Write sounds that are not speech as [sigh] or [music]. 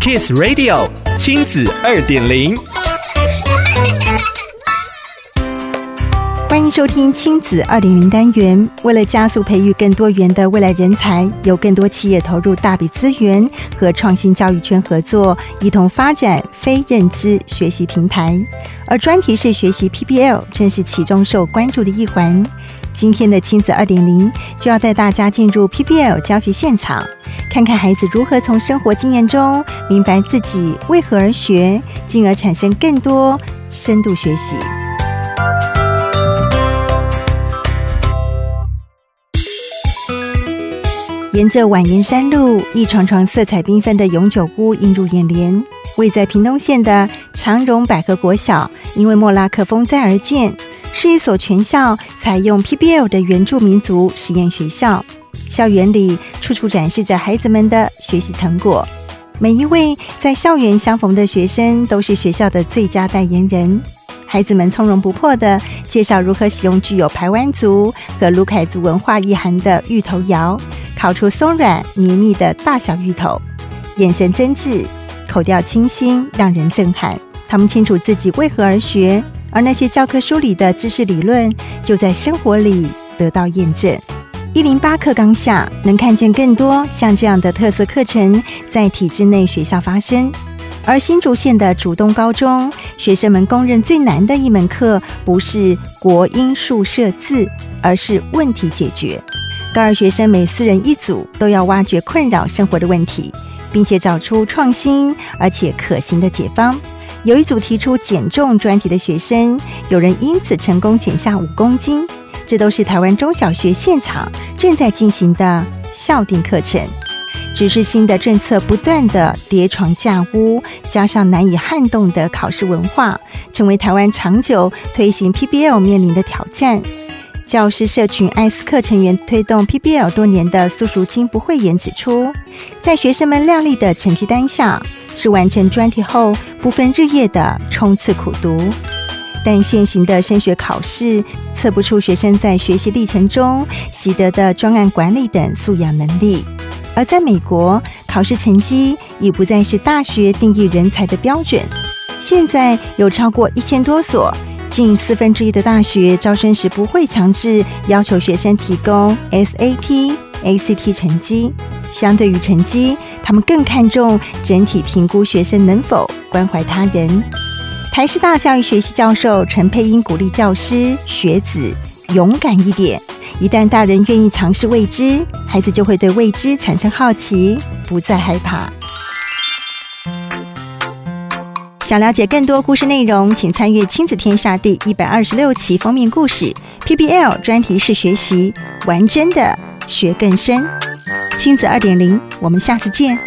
Kiss Radio 親子二點零，歡迎收聽親子二點零單元。為了加速培育更多元的未來人才，有更多企業投入大筆資源和創新教育圈合作，一同發展非認知學習平台。而專題式學習 PBL，正是其中受關注的一環。今天的親子二點零就要帶大家進入 PBL 教學現場。看看孩子如何從生活經驗中明白自己為何而學，進而產生更多深度學習。 [music] 沿着蜿蜒山路，一幢幢色彩繽紛的永久屋映入眼簾。位在屏東縣的長榮百合國小，因為莫拉克風災而建，是一所全校採用 PBL 的原住民族實驗學校。校園裡處處展示着孩子們的學習成果。每一位在校園相逢的學生都是學校的最佳代言人。孩子們從容不迫地介紹如何使用具有排灣族和魯凱族文化意涵的芋頭窯，烤出鬆軟綿密的大小芋頭，眼神真摯，口調清新，讓人震撼。他們清楚自己為何而學，而那些教科書裡的知識理論就在生活裡得到驗證。一零八課綱下，能看見更多像這樣的特色課程在體制內學校發生。而新竹縣的竹東高中，學生們公認最難的一門課，不是國英數社自，而是問題解決。高二學生每四人一組，都要挖掘困擾生活的問題，並且找出創新而且可行的解方。有一組提出減重專題的學生，有人因此成功減下五公斤。這都是台灣中小學現場正在進行的校定課程，只是新的政策不斷的疊床架屋，加上難以撼動的考試文化，成為台灣長久推行 PBL 面臨的挑戰。教師社群愛思客成員推動 PBL 多年的蘇淑清不諱言指出，在學生們亮麗的成績單下，是完成專題後不分日夜的衝刺苦讀。但現行的升學考試測不出學生在學習歷程中習得的專案管理等素養能力。而在美國，考試成績已不再是大學定義人才的標準。現在有超過一千多所，近四分之一的大學招生時不會強制要求學生提供 SAT、ACT 成績。相對於成績，他們更看重整體評估學生能否關懷他人。台師大教育學系教授陳佩英鼓勵教師學子勇敢一點，一旦大人願意嘗試未知，孩子就會對未知產生好奇，不再害怕。想了解更多故事內容，請參閱《親子天下》第一百二十六期封面故事 PBL 專題式學習，玩真的學更深。親子二點零，我們下次見。